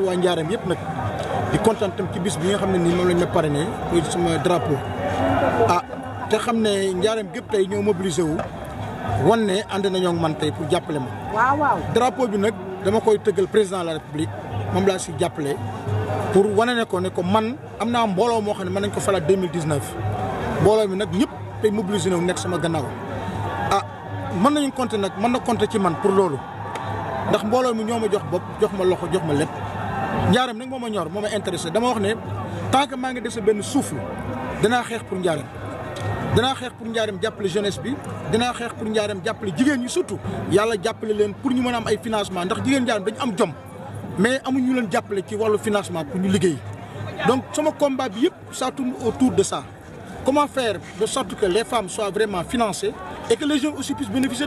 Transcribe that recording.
waa njaaram yëpp nag di kontaan tam ci bis bi nga xam ne nii moom lañ ma parrainé muy sama drapeau ah te xam ne njaaram gépp tey ñoo mobilisé wu wan ne ànd nañoo man tey pour jàppale ma. waaw waaw drapeau bi nag dama koy tëggal président la république moom laa si jàppale pour wane ne ko ne ko man am naa mbooloo moo xam ne mën nañ ko falaat deux mille dix neuf mbooloo mi nag ñëpp tey mobilisé wu nekk sama gannaaw ah mën nañu compter nag mën na compter ci man pour loolu ndax mbooloo mi ñoo ma jox bopp jox ma loxo jox ma lépp. njaaram nag moo a ñor moom ma intéressé dama wax ne tant que maa ngi dese benn souffle danaa xeex pour njaaram danaa xeex pour njaaram jàppale jeunesse bi danaa xeex pour njaaram jàppale jigéen ñi surtout yàlla jàppale leen pour ñu mën am ay financement ndax jigéen njaaram dañu am jom mais amuñu leen jàppale ci wàllu financement pour ñu liggéey donc sama combat bi yëpp ça tour de ça comment faire de sorte que les femmes soient vraiment financé et que les jeunes aussi puissent bénéficier